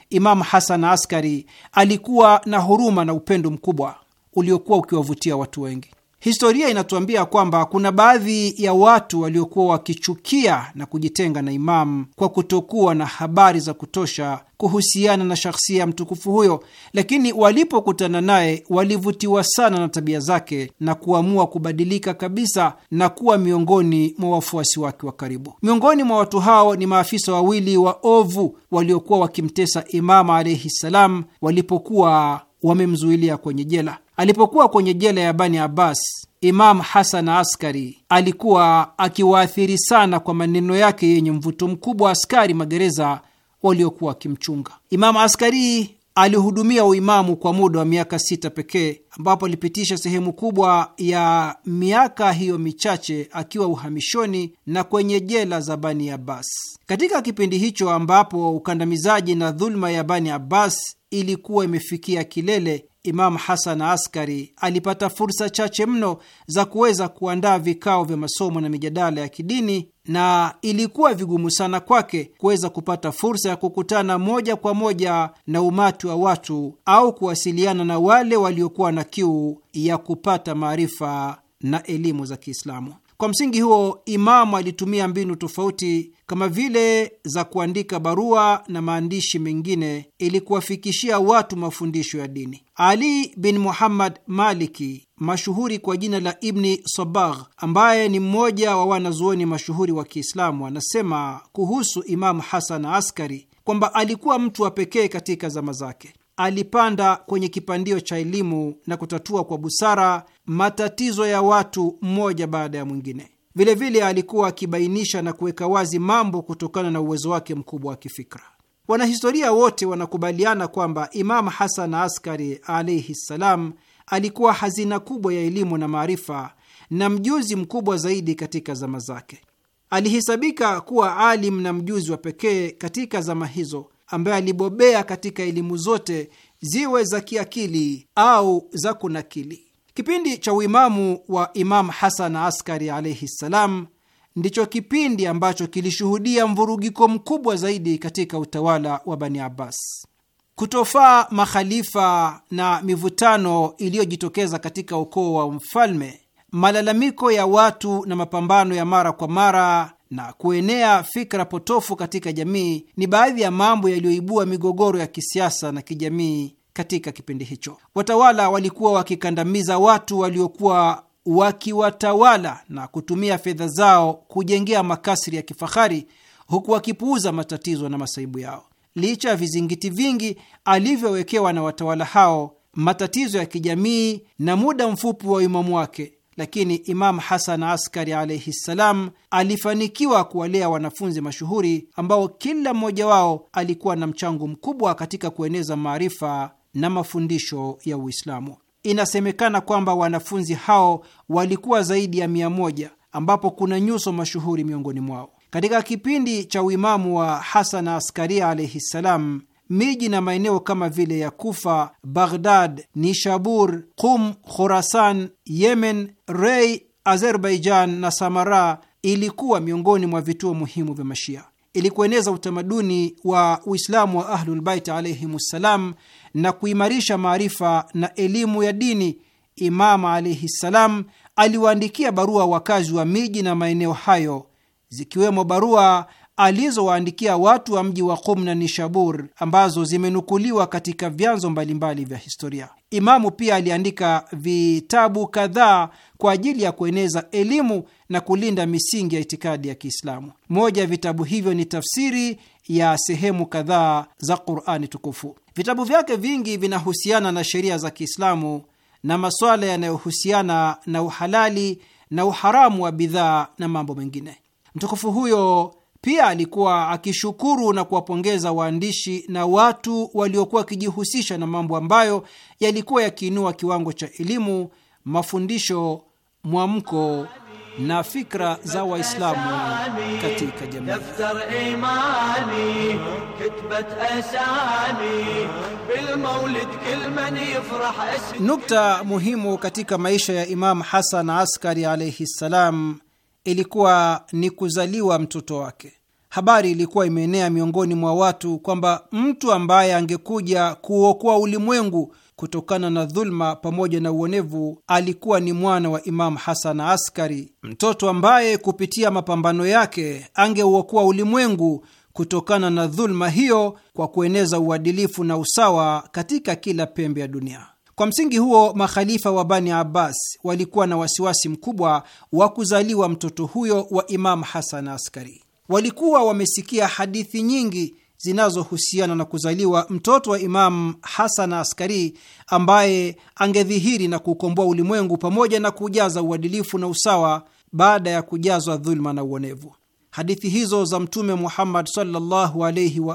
Imamu Hasan Askari alikuwa na huruma na upendo mkubwa uliokuwa ukiwavutia watu wengi. Historia inatuambia kwamba kuna baadhi ya watu waliokuwa wakichukia na kujitenga na Imamu kwa kutokuwa na habari za kutosha kuhusiana na shahsia ya mtukufu huyo, lakini walipokutana naye walivutiwa sana na tabia zake na kuamua kubadilika kabisa na kuwa miongoni mwa wafuasi wake wa karibu. Miongoni mwa watu hao ni maafisa wawili wa ovu waliokuwa wakimtesa Imamu alaihi ssalam walipokuwa wamemzuilia kwenye jela. Alipokuwa kwenye jela ya Bani Abbas, Imam Hasan Askari alikuwa akiwaathiri sana kwa maneno yake yenye mvuto mkubwa askari magereza waliokuwa wakimchunga. Imam Askari alihudumia uimamu kwa muda wa miaka sita pekee, ambapo alipitisha sehemu kubwa ya miaka hiyo michache akiwa uhamishoni na kwenye jela za Bani Abbas. Katika kipindi hicho ambapo ukandamizaji na dhuluma ya Bani Abbas ilikuwa imefikia kilele Imamu Hasan Askari alipata fursa chache mno za kuweza kuandaa vikao vya masomo na mijadala ya kidini, na ilikuwa vigumu sana kwake kuweza kupata fursa ya kukutana moja kwa moja na umati wa watu au kuwasiliana na wale waliokuwa na kiu ya kupata maarifa na elimu za Kiislamu. Kwa msingi huo, Imamu alitumia mbinu tofauti kama vile za kuandika barua na maandishi mengine ili kuwafikishia watu mafundisho ya dini. Ali bin Muhammad Maliki, mashuhuri kwa jina la Ibni Sabagh, ambaye ni mmoja wa wanazuoni mashuhuri wa Kiislamu, anasema kuhusu Imamu Hasan Askari kwamba alikuwa mtu wa pekee katika zama zake alipanda kwenye kipandio cha elimu na kutatua kwa busara matatizo ya watu mmoja baada ya mwingine. Vilevile alikuwa akibainisha na kuweka wazi mambo kutokana na uwezo wake mkubwa wa kifikra. Wanahistoria wote wanakubaliana kwamba Imamu Hasan Askari alaihi ssalam alikuwa hazina kubwa ya elimu na maarifa na mjuzi mkubwa zaidi katika zama zake. Alihesabika kuwa alim na mjuzi wa pekee katika zama hizo ambaye alibobea katika elimu zote ziwe za kiakili au za kunakili. Kipindi cha uimamu wa Imamu Hasan Askari alaihi ssalam ndicho kipindi ambacho kilishuhudia mvurugiko mkubwa zaidi katika utawala wa Bani Abbas. Kutofaa makhalifa na mivutano iliyojitokeza katika ukoo wa mfalme, malalamiko ya watu na mapambano ya mara kwa mara na kuenea fikra potofu katika jamii ni baadhi ya mambo yaliyoibua migogoro ya kisiasa na kijamii katika kipindi hicho. Watawala walikuwa wakikandamiza watu waliokuwa wakiwatawala na kutumia fedha zao kujengea makasri ya kifahari, huku wakipuuza matatizo na masaibu yao. Licha ya vizingiti vingi alivyowekewa na watawala hao, matatizo ya kijamii na muda mfupi wa uimamu wake lakini Imam Hasan Askari alaihi ssalam alifanikiwa kuwalea wanafunzi mashuhuri ambao kila mmoja wao alikuwa na mchango mkubwa katika kueneza maarifa na mafundisho ya Uislamu. Inasemekana kwamba wanafunzi hao walikuwa zaidi ya mia moja ambapo kuna nyuso mashuhuri miongoni mwao. Katika kipindi cha uimamu wa Hasan Askaria alaihi ssalam Miji na maeneo kama vile ya kufa Baghdad, Nishabur, Qum, Khorasan, Yemen, Rei, Azerbaijan na Samara ilikuwa miongoni mwa vituo muhimu vya Mashia ili kueneza utamaduni wa Uislamu wa Ahlulbait ssalam na kuimarisha maarifa na elimu ya dini. Imam alaihi ssalam aliwaandikia barua wakazi wa miji na maeneo hayo, zikiwemo barua alizowaandikia watu wa mji wa Qum na Nishabur ambazo zimenukuliwa katika vyanzo mbalimbali vya historia. Imamu pia aliandika vitabu kadhaa kwa ajili ya kueneza elimu na kulinda misingi ya itikadi ya Kiislamu. Moja ya vitabu hivyo ni tafsiri ya sehemu kadhaa za Qurani Tukufu. Vitabu vyake vingi vinahusiana na sheria za Kiislamu na masuala yanayohusiana na uhalali na uharamu wa bidhaa na mambo mengine. Mtukufu huyo pia alikuwa akishukuru na kuwapongeza waandishi na watu waliokuwa wakijihusisha na mambo ambayo yalikuwa yakiinua kiwango cha elimu, mafundisho, mwamko na fikra za Waislamu katika jamii. Nukta muhimu katika maisha ya Imam Hasan Askari alaihi ssalam ilikuwa ni kuzaliwa mtoto wake. Habari ilikuwa imeenea miongoni mwa watu kwamba mtu ambaye angekuja kuokoa ulimwengu kutokana na dhuluma pamoja na uonevu alikuwa ni mwana wa Imamu Hasan Askari, mtoto ambaye kupitia mapambano yake angeuokoa ulimwengu kutokana na dhuluma hiyo kwa kueneza uadilifu na usawa katika kila pembe ya dunia. Kwa msingi huo, makhalifa wa Bani Abbas walikuwa na wasiwasi mkubwa wa kuzaliwa mtoto huyo wa Imamu Hasan Askari. Walikuwa wamesikia hadithi nyingi zinazohusiana na kuzaliwa mtoto wa Imamu Hasan Askari ambaye angedhihiri na kuukomboa ulimwengu pamoja na kujaza uadilifu na usawa baada ya kujazwa dhuluma na uonevu hadithi hizo za Mtume Muhammad sallallahu wa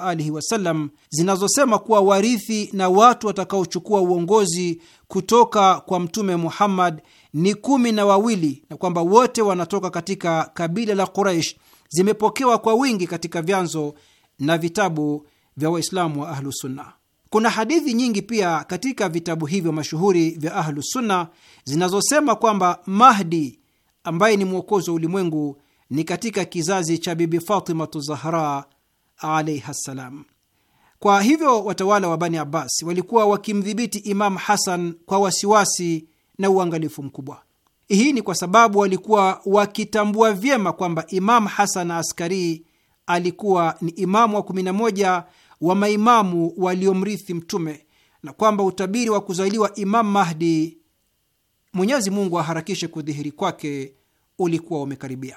alihi wasallam zinazosema kuwa warithi na watu watakaochukua uongozi kutoka kwa Mtume Muhammad ni kumi na wawili na kwamba wote wanatoka katika kabila la Quraish zimepokewa kwa wingi katika vyanzo na vitabu vya Waislamu wa Ahlusunna. Kuna hadithi nyingi pia katika vitabu hivyo mashuhuri vya Ahlusunna zinazosema kwamba Mahdi ambaye ni mwokozi wa ulimwengu ni katika kizazi cha Bibi Fatimatu Zahra alaiha ssalam. Kwa hivyo watawala wa Bani Abbas walikuwa wakimdhibiti Imamu Hasan kwa wasiwasi na uangalifu mkubwa. Hii ni kwa sababu walikuwa wakitambua vyema kwamba Imamu Hasan Askari alikuwa ni imamu wa 11 wa maimamu waliomrithi Mtume na kwamba utabiri wa kuzaliwa Imamu Mahdi, Mwenyezi Mungu aharakishe kudhihiri kwake, ulikuwa umekaribia.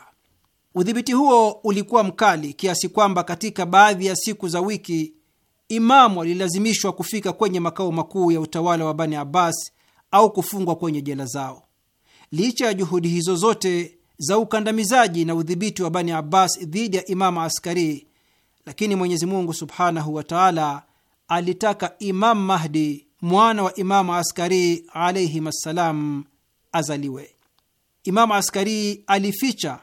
Udhibiti huo ulikuwa mkali kiasi kwamba katika baadhi ya siku za wiki Imamu alilazimishwa kufika kwenye makao makuu ya utawala wa Bani Abbas au kufungwa kwenye jela zao. Licha ya juhudi hizo zote za ukandamizaji na udhibiti wa Bani Abbas dhidi ya Imamu Askari, lakini Mwenyezi Mungu subhanahu wa taala alitaka Imamu Mahdi mwana wa Imamu Askari alaihim assalam azaliwe. Imamu Askari alificha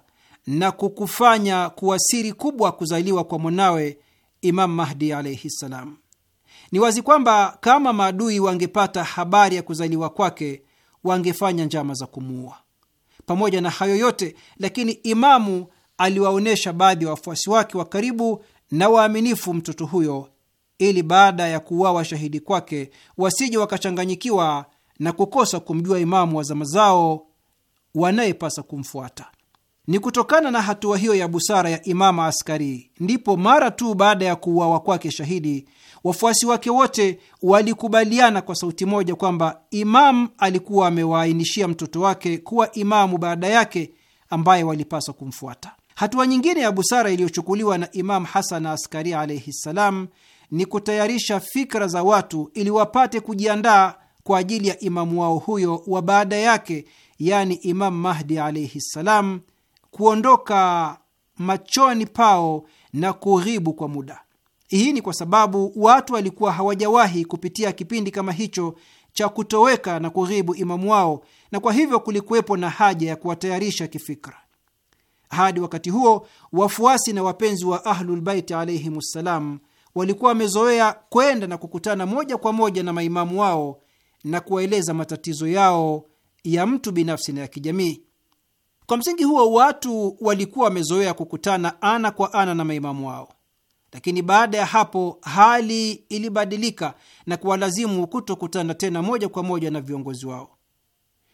na kukufanya kuwa siri kubwa kuzaliwa kwa mwanawe Imam Mahdi alaihi ssalam. Ni wazi kwamba kama maadui wangepata habari ya kuzaliwa kwake wangefanya njama za kumuua. Pamoja na hayo yote lakini, Imamu aliwaonyesha baadhi ya wafuasi wake wa karibu na waaminifu mtoto huyo, ili baada ya kuuawa shahidi kwake wasije wakachanganyikiwa na kukosa kumjua Imamu wa zama zao wanayepasa kumfuata. Ni kutokana na hatua hiyo ya busara ya Imama Askari ndipo mara tu baada ya kuuawa kwake shahidi, wafuasi wake wote walikubaliana kwa sauti moja kwamba Imamu alikuwa amewaainishia mtoto wake kuwa imamu baada yake, ambaye walipaswa kumfuata. Hatua nyingine ya busara iliyochukuliwa na Imamu Hasan Askari alaihi ssalam ni kutayarisha fikra za watu ili wapate kujiandaa kwa ajili ya imamu wao huyo wa baada yake, yani Imamu Mahdi alaihi ssalam kuondoka machoni pao na kughibu kwa muda. Hii ni kwa sababu watu walikuwa hawajawahi kupitia kipindi kama hicho cha kutoweka na kughibu imamu wao, na kwa hivyo kulikuwepo na haja ya kuwatayarisha kifikra. Hadi wakati huo wafuasi na wapenzi wa Ahlulbaiti alaihimussalam walikuwa wamezoea kwenda na kukutana moja kwa moja na maimamu wao na kuwaeleza matatizo yao ya mtu binafsi na ya kijamii. Kwa msingi huo, watu walikuwa wamezoea kukutana ana kwa ana na maimamu wao, lakini baada ya hapo hali ilibadilika na kuwalazimu kutokutana tena moja kwa moja na viongozi wao.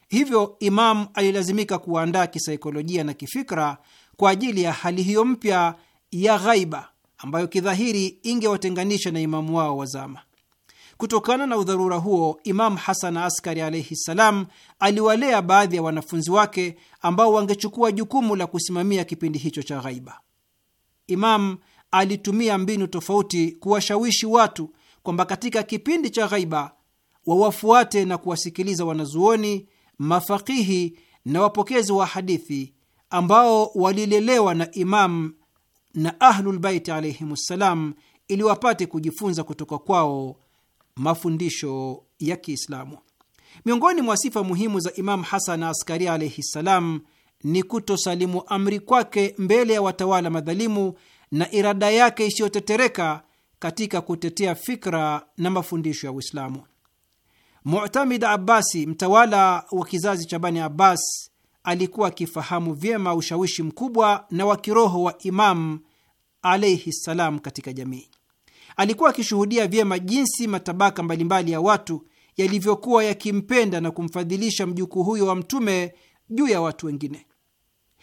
Hivyo Imamu alilazimika kuwaandaa kisaikolojia na kifikra kwa ajili ya hali hiyo mpya ya ghaiba ambayo kidhahiri ingewatenganisha na imamu wao wa zama. Kutokana na udharura huo, imam Hasan Askari alaihi ssalam aliwalea baadhi ya wanafunzi wake ambao wangechukua jukumu la kusimamia kipindi hicho cha ghaiba. Imam alitumia mbinu tofauti kuwashawishi watu kwamba katika kipindi cha ghaiba wawafuate na kuwasikiliza wanazuoni, mafakihi na wapokezi wa hadithi ambao walilelewa na Imam na Ahlulbaiti alaihim ssalam ili wapate kujifunza kutoka kwao mafundisho ya Kiislamu. Miongoni mwa sifa muhimu za Imamu Hasan Askari alaihi ssalam ni kutosalimu amri kwake mbele ya watawala madhalimu na irada yake isiyotetereka katika kutetea fikra na mafundisho ya Uislamu. Mutamid Abbasi, mtawala wa kizazi cha Bani Abbas, alikuwa akifahamu vyema ushawishi mkubwa na wa kiroho wa Imam alaihi ssalam katika jamii alikuwa akishuhudia vyema jinsi matabaka mbalimbali ya watu yalivyokuwa yakimpenda na kumfadhilisha mjukuu huyo wa Mtume juu ya watu wengine.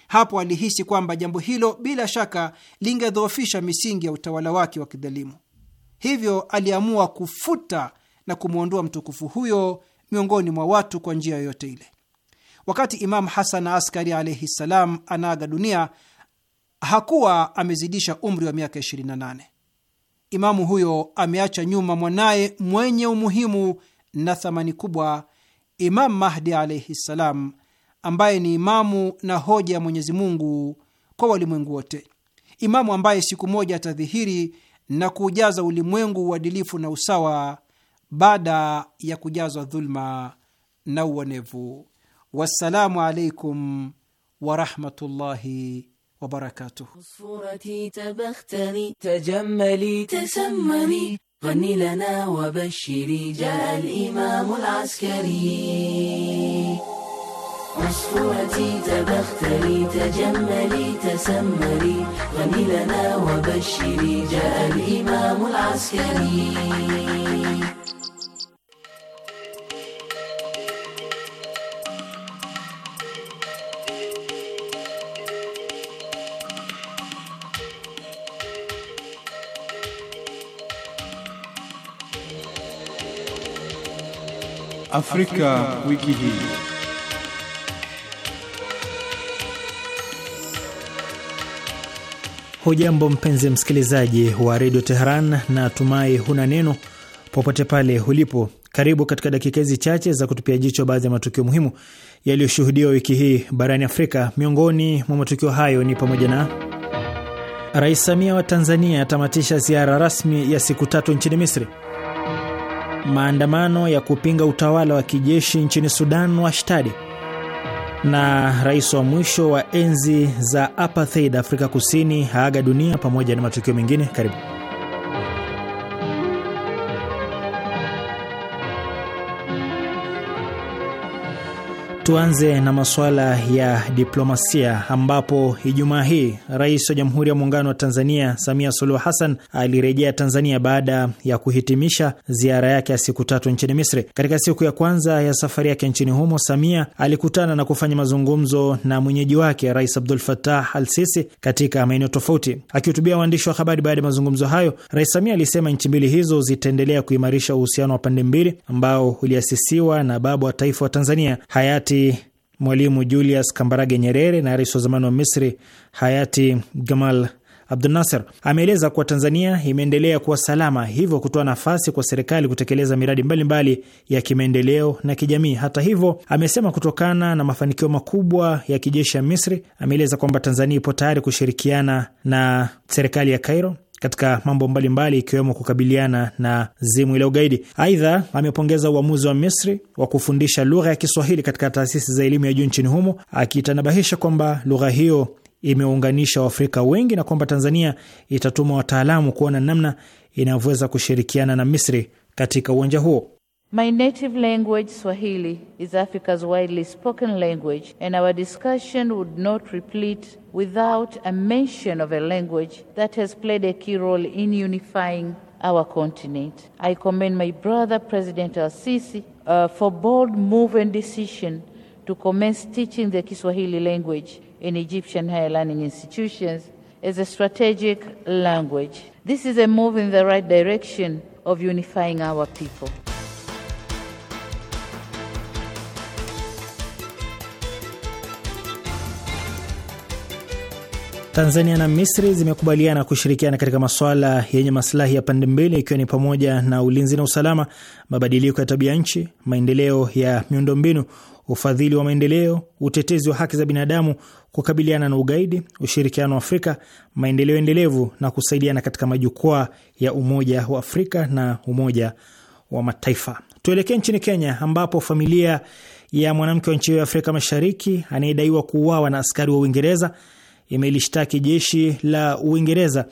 Hapo alihisi kwamba jambo hilo bila shaka lingedhoofisha misingi ya utawala wake wa kidhalimu. Hivyo aliamua kufuta na kumwondoa mtukufu huyo miongoni mwa watu kwa njia yoyote ile. Wakati Imamu Hasan Askari alaihi ssalam anaaga dunia, hakuwa amezidisha umri wa miaka 28 imamu huyo ameacha nyuma mwanaye mwenye umuhimu na thamani kubwa, Imamu Mahdi alaihi ssalam, ambaye ni imamu na hoja ya Mwenyezi Mungu kwa walimwengu wote, imamu ambaye siku moja atadhihiri na kuujaza ulimwengu uadilifu na usawa baada ya kujazwa dhulma na uonevu. Wassalamu alaikum warahmatullahi وبركاته صورتي تبختري تجملي تسمري غني لنا وبشري جاء الإمام العسكري عصفورتي تبختري تجملي تسمري غني لنا وبشري جاء الإمام العسكري Afrika, wiki hii. Hujambo mpenzi msikilizaji wa redio Teheran na tumai huna neno popote pale ulipo. Karibu katika dakika hizi chache za kutupia jicho baadhi ya matukio muhimu yaliyoshuhudiwa wiki hii barani Afrika. Miongoni mwa matukio hayo ni pamoja na Rais Samia wa Tanzania atamatisha ziara rasmi ya siku tatu nchini Misri, maandamano ya kupinga utawala wa kijeshi nchini Sudan washtadi, na rais wa mwisho wa enzi za apartheid Afrika Kusini haaga dunia, pamoja na matukio mengine. Karibu. Tuanze na masuala ya diplomasia ambapo Ijumaa hii Rais wa Jamhuri ya Muungano wa Tanzania Samia Suluhu Hassan alirejea Tanzania baada ya kuhitimisha ziara yake ya siku tatu nchini Misri. Katika siku ya kwanza ya safari yake nchini humo, Samia alikutana na kufanya mazungumzo na mwenyeji wake Rais Abdul fatah Al Sisi katika maeneo tofauti. Akihutubia waandishi wa habari baada ya mazungumzo hayo, Rais Samia alisema nchi mbili hizo zitaendelea kuimarisha uhusiano wa pande mbili ambao uliasisiwa na baba wa taifa wa Tanzania hayati hayati Mwalimu Julius Kambarage Nyerere na rais wa zamani wa Misri hayati Gamal abdunasar ameeleza kuwa Tanzania imeendelea kuwa salama, hivyo kutoa nafasi kwa serikali kutekeleza miradi mbalimbali mbali ya kimaendeleo na kijamii. Hata hivyo, amesema kutokana na mafanikio makubwa ya kijeshi ya Misri, ameeleza kwamba Tanzania ipo tayari kushirikiana na serikali ya Cairo katika mambo mbalimbali ikiwemo mbali kukabiliana na zimu ile ugaidi. Aidha, amepongeza uamuzi wa Misri wa kufundisha lugha ya Kiswahili katika taasisi za elimu ya juu nchini humo, akitanabahisha kwamba lugha hiyo imeunganisha Waafrika wengi na kwamba Tanzania itatuma wataalamu kuona namna inavyoweza kushirikiana na Misri katika uwanja huo. My native language, Swahili, is Africa's widely spoken language, and our discussion would not replete without a mention of a language that has played a key role in unifying our continent. I commend my brother, President Al Sisi, uh, for bold move and decision to commence teaching the Kiswahili language in Egyptian higher learning institutions as a strategic language. This is a move in the right direction of unifying our people. Tanzania na Misri zimekubaliana kushirikiana katika masuala yenye masilahi ya pande mbili ikiwa ni pamoja na ulinzi na usalama, mabadiliko ya tabia nchi, maendeleo ya miundombinu, ufadhili wa maendeleo, utetezi wa haki za binadamu, kukabiliana na ugaidi, ushirikiano wa Afrika, maendeleo endelevu na kusaidiana katika majukwaa ya Umoja wa Afrika na Umoja wa Mataifa. Tuelekee nchini Kenya ambapo familia ya mwanamke wa nchi hiyo ya Afrika Mashariki anayedaiwa kuuawa na askari wa Uingereza imelishtaki jeshi la Uingereza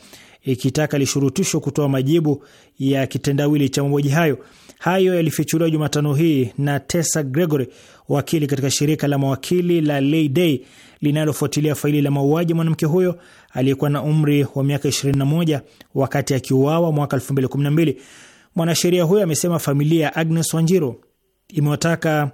ikitaka lishurutishwe kutoa majibu ya kitendawili cha mauaji hayo. Hayo yalifichuliwa Jumatano hii na Tessa Gregory, wakili katika shirika la mawakili la Lay Day linalofuatilia faili la mauaji mwanamke huyo aliyekuwa na umri wa miaka 21 wakati akiuawa mwaka 2012. Mwanasheria huyo amesema familia ya Agnes Wanjiru imewataka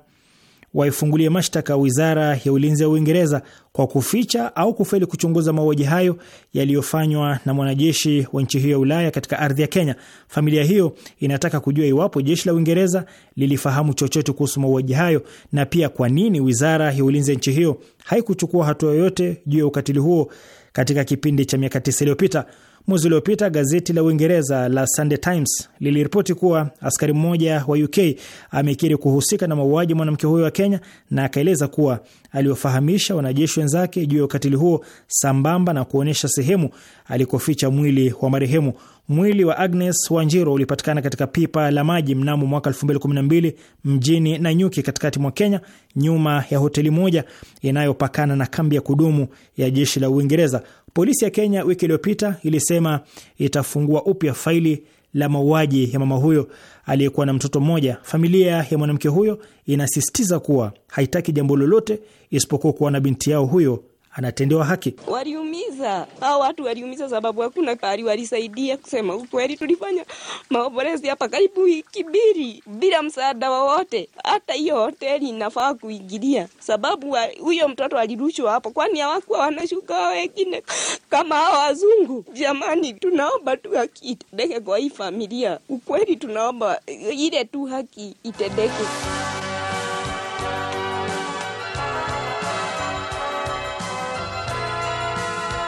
waifungulie mashtaka wizara ya ulinzi ya Uingereza kwa kuficha au kufeli kuchunguza mauaji hayo yaliyofanywa na mwanajeshi wa nchi hiyo ya Ulaya katika ardhi ya Kenya. Familia hiyo inataka kujua iwapo jeshi la Uingereza lilifahamu chochote kuhusu mauaji hayo na pia kwa nini wizara ya ulinzi ya nchi hiyo haikuchukua hatua yoyote juu ya ukatili huo katika kipindi cha miaka tisa iliyopita. Mwezi uliopita gazeti la Uingereza la Sunday Times liliripoti kuwa askari mmoja wa UK amekiri kuhusika na mauaji mwanamke huyo wa Kenya na akaeleza kuwa aliofahamisha wanajeshi wenzake juu ya ukatili huo sambamba na kuonyesha sehemu alikoficha mwili wa marehemu. Mwili wa Agnes Wanjiro ulipatikana katika pipa la maji mnamo mwaka 2012 mjini Nanyuki katikati mwa Kenya, nyuma ya hoteli moja inayopakana na kambi ya kudumu ya jeshi la Uingereza. Polisi ya Kenya wiki iliyopita ilisema itafungua upya faili la mauaji ya mama huyo aliyekuwa na mtoto mmoja. Familia ya mwanamke huyo inasisitiza kuwa haitaki jambo lolote isipokuwa kuwa na binti yao huyo anatendewa haki. Waliumiza hao watu, waliumiza sababu hakuna pali walisaidia. Kusema ukweli, tulifanya maoborezi hapa karibu wiki mbili bila msaada wowote. Hata hiyo hoteli inafaa kuingilia, sababu huyo mtoto alirushwa hapo, kwani hawakuwa wanashuka wengine kama hao wazungu. Jamani, tunaomba tu haki itendeke kwa hii familia. Ukweli tunaomba ile tu haki itendeke.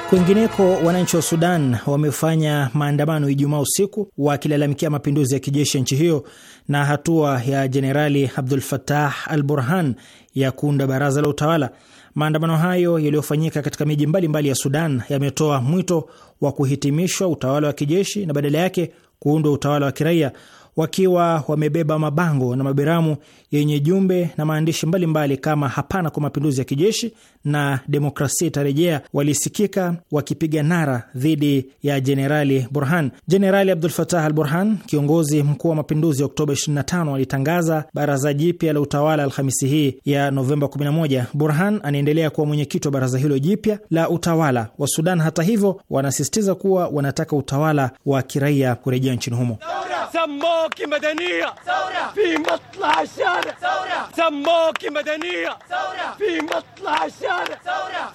Kwingineko, wananchi wa Sudan wamefanya maandamano Ijumaa usiku wakilalamikia mapinduzi ya kijeshi ya nchi hiyo na hatua ya Jenerali Abdul fatah al Burhan ya kuunda baraza la utawala. Maandamano hayo yaliyofanyika katika miji mbalimbali ya Sudan yametoa mwito wa kuhitimishwa utawala wa kijeshi na badala yake kuundwa utawala wa kiraia wakiwa wamebeba mabango na mabiramu yenye jumbe na maandishi mbalimbali kama hapana kwa mapinduzi ya kijeshi na demokrasia itarejea, walisikika wakipiga nara dhidi ya Jenerali Burhan. Jenerali Abdul Fatah al Burhan, kiongozi mkuu wa mapinduzi ya Oktoba 25, alitangaza baraza jipya la utawala Alhamisi hii ya Novemba 11. Burhan anaendelea kuwa mwenyekiti wa baraza hilo jipya la utawala wa Sudan. Hata hivyo, wanasisitiza kuwa wanataka utawala wa kiraia kurejea nchini humo. سموكي مدنية ثورة في مطلع الشارع ثورة سموكي مدنية ثورة في مطلع الشارع ثورة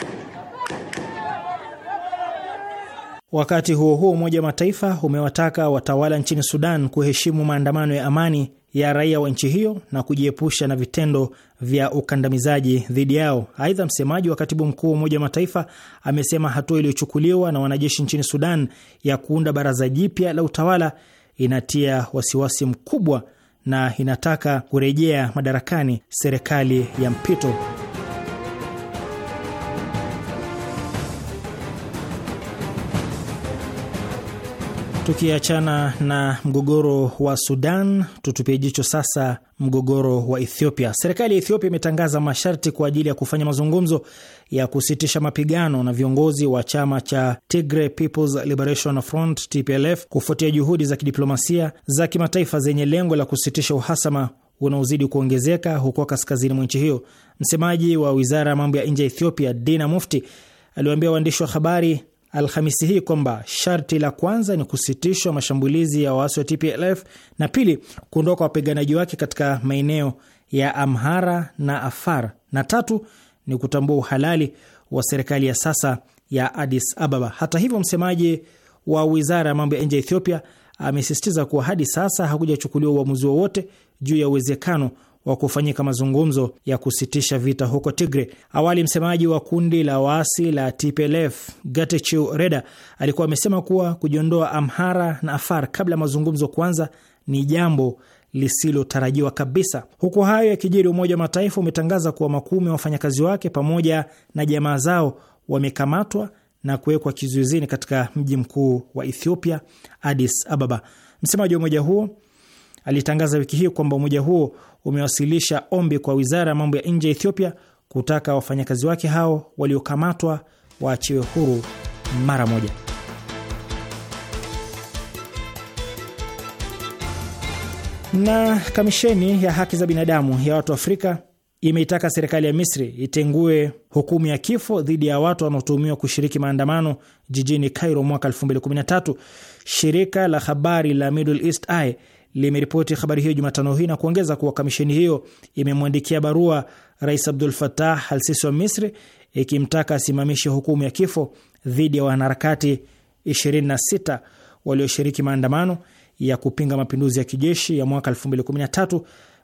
Wakati huo huo, Umoja wa Mataifa umewataka watawala nchini Sudan kuheshimu maandamano ya amani ya raia wa nchi hiyo na kujiepusha na vitendo vya ukandamizaji dhidi yao. Aidha, msemaji wa katibu mkuu wa Umoja wa Mataifa amesema hatua iliyochukuliwa na wanajeshi nchini Sudan ya kuunda baraza jipya la utawala inatia wasiwasi mkubwa na inataka kurejea madarakani serikali ya mpito. Tukiachana na mgogoro wa Sudan, tutupie jicho sasa mgogoro wa Ethiopia. Serikali ya Ethiopia imetangaza masharti kwa ajili ya kufanya mazungumzo ya kusitisha mapigano na viongozi wa chama cha Tigray People's Liberation Front TPLF kufuatia juhudi za kidiplomasia za kimataifa zenye lengo la kusitisha uhasama unaozidi kuongezeka huko kaskazini mwa nchi hiyo. Msemaji wa wizara ya mambo ya nje ya Ethiopia, Dina Mufti, aliwaambia waandishi wa habari Alhamisi hii kwamba sharti la kwanza ni kusitishwa mashambulizi ya waasi wa TPLF na pili, kuondoka wapiganaji wake katika maeneo ya Amhara na Afar, na tatu ni kutambua uhalali wa serikali ya sasa ya Addis Ababa. Hata hivyo, msemaji wa wizara ya mambo ya nje ya Ethiopia amesisitiza kuwa hadi sasa hakujachukuliwa uamuzi wowote juu ya uwezekano wa kufanyika mazungumzo ya kusitisha vita huko Tigre. Awali msemaji wa kundi la waasi la TPLF Getachew Reda alikuwa amesema kuwa kujiondoa Amhara na Afar kabla ya mazungumzo kuanza ni jambo lisilotarajiwa kabisa. Huku hayo yakijiri, Umoja wa Mataifa umetangaza kuwa makumi wa wafanyakazi wake pamoja na jamaa zao wamekamatwa na kuwekwa kizuizini katika mji mkuu wa Ethiopia, Addis Ababa. Msemaji wa umoja huo alitangaza wiki hii kwamba umoja huo umewasilisha ombi kwa wizara ya mambo ya nje ya Ethiopia kutaka wafanyakazi wake hao waliokamatwa waachiwe huru mara moja. Na kamisheni ya haki za binadamu ya watu Afrika imeitaka serikali ya Misri itengue hukumu ya kifo dhidi ya watu wanaotuhumiwa kushiriki maandamano jijini Cairo mwaka 2013. Shirika la habari la Middle East Eye limeripoti habari hiyo Jumatano hii na kuongeza kuwa kamisheni hiyo imemwandikia barua Rais Abdul fatah al-Sisi wa Misri ikimtaka asimamishe hukumu ya kifo dhidi ya wanaharakati 26 walioshiriki maandamano ya kupinga mapinduzi ya kijeshi ya mwaka 2013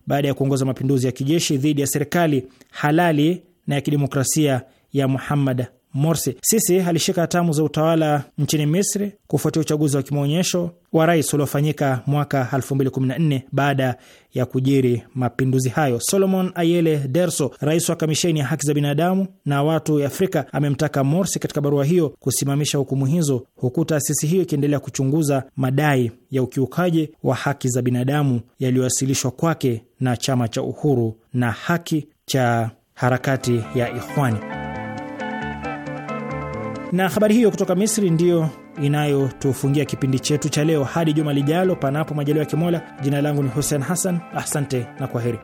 baada ya kuongoza mapinduzi ya kijeshi dhidi ya serikali halali na ya kidemokrasia ya Muhammad Morsi. Sisi alishika hatamu za utawala nchini Misri kufuatia uchaguzi wa kimaonyesho wa rais uliofanyika mwaka 2014 baada ya kujiri mapinduzi hayo. Solomon Ayele Derso, rais wa kamisheni ya haki za binadamu na watu ya Afrika, amemtaka Morsi katika barua hiyo kusimamisha hukumu hizo, huku taasisi hiyo ikiendelea kuchunguza madai ya ukiukaji wa haki za binadamu yaliyowasilishwa kwake na chama cha uhuru na haki cha harakati ya Ikhwani. Na habari hiyo kutoka Misri ndiyo inayotufungia kipindi chetu cha leo. Hadi juma lijalo, panapo majaliwa ya Kimola. Jina langu ni Hussein Hassan, asante na kwa heri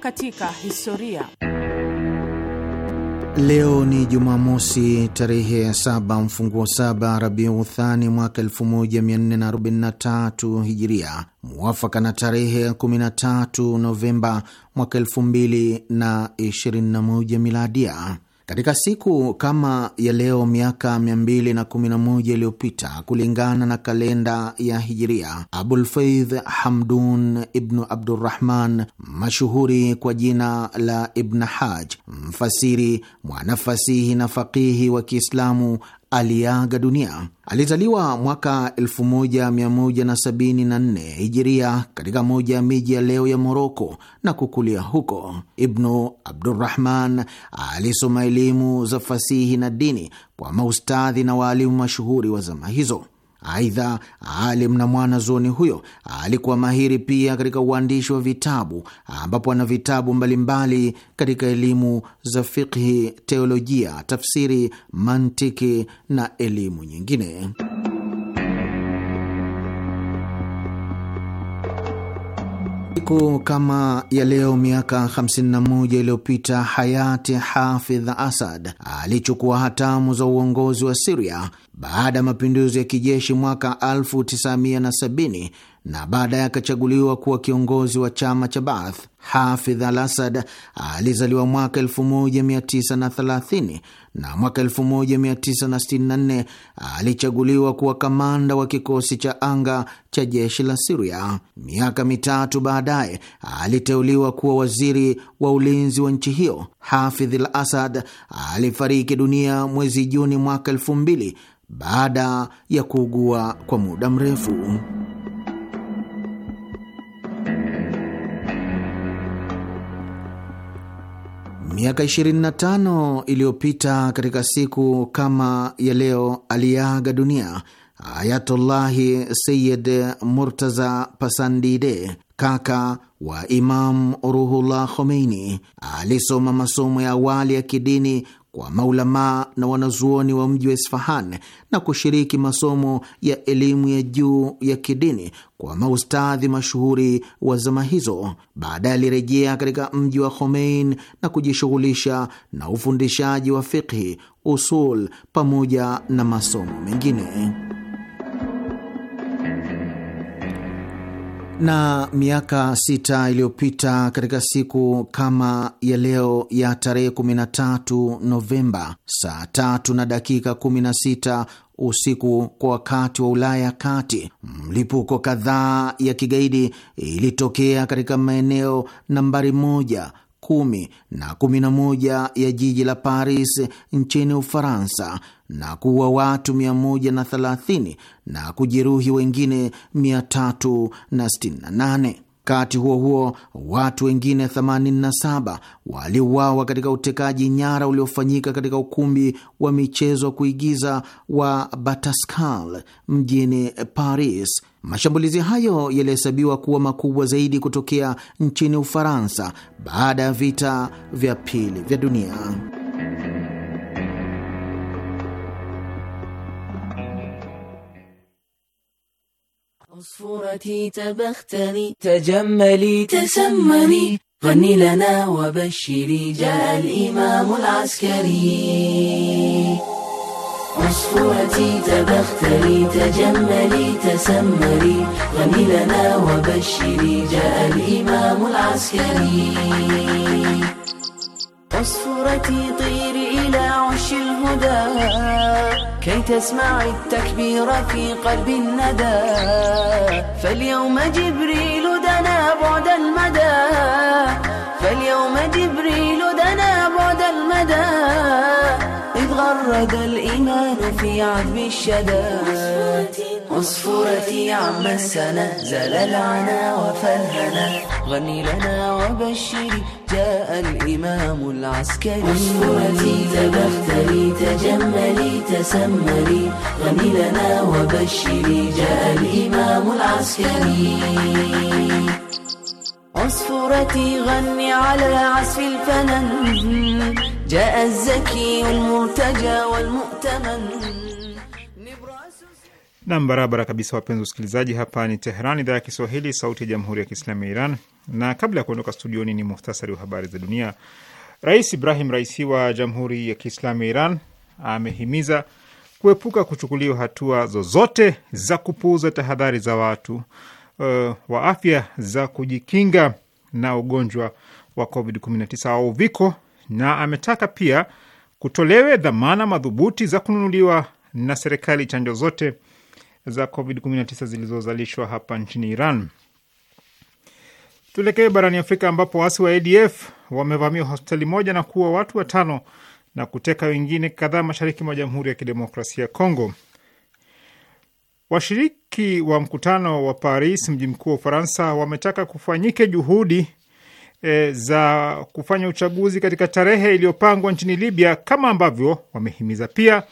katika historia. Leo ni Jumamosi, tarehe ya saba mfunguo saba Rabiu Uthani mwaka 1443 Hijiria, muwafaka na tarehe ya 13 Novemba mwaka 2021 Miladia. Katika siku kama ya leo miaka 211 iliyopita kulingana na kalenda ya Hijiria, Abulfaidh Hamdun Ibnu Abdurrahman, mashuhuri kwa jina la Ibn Haj, mfasiri, mwanafasihi na faqihi wa Kiislamu aliaga dunia. Alizaliwa mwaka 1174 hijiria katika moja ya miji ya leo ya Moroko na kukulia huko. Ibnu Abdurrahman alisoma elimu za fasihi na dini kwa maustadhi na waalimu mashuhuri wa zama hizo. Aidha, alim na zuoni huyo alikuwa mahiri pia katika uandishi wa vitabu, ambapo ana vitabu mbalimbali katika elimu za fikhi, teolojia, tafsiri, mantiki na elimu nyingine. Siku kama ya leo miaka 51 iliyopita hayati Hafidh Asad alichukua hatamu za uongozi wa Siria baada ya mapinduzi ya kijeshi mwaka 1970 na baadaye akachaguliwa kuwa kiongozi wa chama cha Baath. Hafidh al Asad alizaliwa mwaka 1930 na mwaka 1964 alichaguliwa kuwa kamanda wa kikosi cha anga cha jeshi la Siria. Miaka mitatu baadaye aliteuliwa kuwa waziri wa ulinzi wa nchi hiyo. Hafidh al Asad alifariki dunia mwezi Juni mwaka baada ya kuugua kwa muda mrefu. Miaka 25 iliyopita katika siku kama ya leo aliaga dunia Ayatullahi Sayid Murtaza Pasandide, kaka wa Imam Ruhullah Khomeini. Alisoma masomo ya awali ya kidini wa maulamaa na wanazuoni wa mji wa Isfahan na kushiriki masomo ya elimu ya juu ya kidini kwa maustadhi mashuhuri wa zama hizo. Baadaye alirejea katika mji wa Khomein na kujishughulisha na ufundishaji wa fiqhi, usul pamoja na masomo mengine. Na miaka sita iliyopita katika siku kama ya leo ya tarehe 13 Novemba saa tatu na dakika 16 usiku kwa wakati wa Ulaya Kati, mlipuko kadhaa ya kigaidi ilitokea katika maeneo nambari moja kumi na kumi na moja ya jiji la Paris nchini Ufaransa na kuwa watu 130 na, na kujeruhi wengine 368. kati huo huo watu wengine 87 waliuawa katika utekaji nyara uliofanyika katika ukumbi wa michezo wa kuigiza wa batascal mjini Paris. Mashambulizi hayo yalihesabiwa kuwa makubwa zaidi kutokea nchini Ufaransa baada ya vita vya pili vya dunia. عصفورتي تبختري تجملي تسمري غني لنا وبشري جاء الإمام العسكري عصفورتي تبختري تجملي تسمري غني لنا وبشري جاء الإمام العسكري عصفورتي طيري إلى عرش الهدى كي تسمع التكبير في قلب الندى فاليوم جبريل دنا بعد المدى فاليوم جبريل دنا بعد المدى إذ غرد الإيمان في عذب الشدى عصفورتي عما السنة زال العنا وفلهنا غني لنا وبشري جاء الإمام العسكري عصفورتي تبختري تجملي تسمري غني لنا وبشري جاء الإمام العسكري عصفورتي غني على عزف الفنن جاء الزكي المرتجى والمؤتمن Nam, barabara kabisa, wapenzi wasikilizaji, hapa ni Teheran, idhaa ya Kiswahili, sauti ya jamhuri ya kiislamu ya Iran. Na kabla ya kuondoka studioni, ni muhtasari wa habari za dunia. Rais Ibrahim Raisi wa Jamhuri ya Kiislamu ya Iran amehimiza kuepuka kuchukuliwa hatua zozote za kupuuza tahadhari za watu uh, wa afya za kujikinga na ugonjwa wa COVID-19 au uviko, na ametaka pia kutolewe dhamana madhubuti za kununuliwa na serikali chanjo zote za COVID-19 zilizozalishwa hapa nchini Iran. Tuelekee barani Afrika ambapo waasi wa ADF wamevamia hospitali moja na kuua watu watano na kuteka wengine kadhaa mashariki mwa Jamhuri ya Kidemokrasia ya Kongo. Washiriki wa mkutano wa Paris, mji mkuu wa Ufaransa, wametaka kufanyike juhudi e, za kufanya uchaguzi katika tarehe iliyopangwa nchini Libya, kama ambavyo wamehimiza pia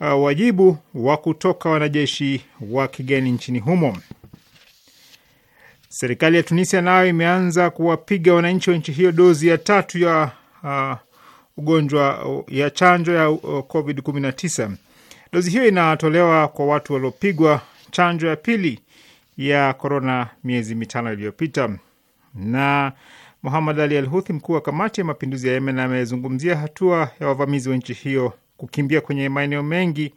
Uh, wajibu wa kutoka wanajeshi wa kigeni nchini humo. Serikali ya Tunisia nayo imeanza kuwapiga wananchi wa nchi hiyo dozi ya tatu ya uh, ugonjwa uh, ya chanjo ya uh, COVID-19. Dozi hiyo inatolewa kwa watu waliopigwa chanjo ya pili ya korona miezi mitano iliyopita. Na Muhamad Ali Al Huthi, mkuu wa kamati ya mapinduzi ya Yemen, amezungumzia hatua ya wavamizi wa nchi hiyo kukimbia kwenye maeneo mengi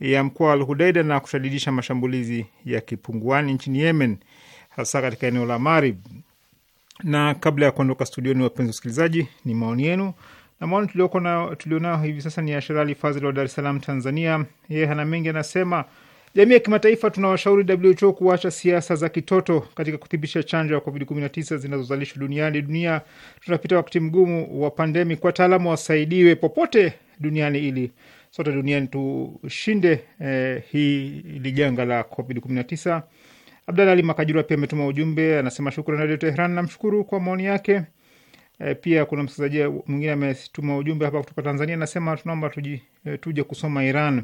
ya mkoa wa Alhudaida na kushadidisha mashambulizi ya kipunguani nchini Yemen, hasa katika eneo la Marib. Na kabla ya kuondoka studioni, wapenzi wasikilizaji, ni maoni yenu na maoni tulionayo hivi sasa ni ya Sherali Fazil wa Dar es Salaam, Tanzania. Yeye hana mengi, anasema jamii ya kimataifa tunawashauri WHO kuacha siasa za kitoto katika kuthibitisha chanjo ya COVID-19 zinazozalishwa duniani. Dunia tunapita wakati mgumu wa pandemi, kwa wataalamu wasaidiwe popote duniani ili sote duniani tushinde eh, hili janga la Covid 19. Abdalla Ali Makajura pia ametuma ujumbe, anasema shukran Radio Tehran, namshukuru kwa maoni yake. E, pia kuna msikilizaji mwingine ametuma ujumbe hapa kutoka Tanzania, anasema tunaomba eh, tuje kusoma Iran.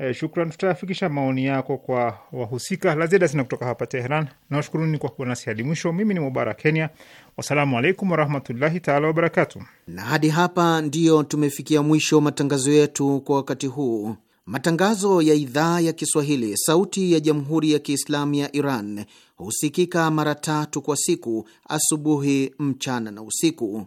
E, shukran. Tutayafikisha maoni yako kwa wahusika. La ziada sina kutoka hapa Teheran. Nawashukuruni kwa kuwa nasi hadi mwisho. Mimi ni Mubarak Kenya, wassalamu alaikum warahmatullahi taala wabarakatu. Na hadi hapa ndiyo tumefikia mwisho matangazo yetu kwa wakati huu. Matangazo ya idhaa ya Kiswahili sauti ya jamhuri ya Kiislamu ya Iran husikika mara tatu kwa siku: asubuhi, mchana na usiku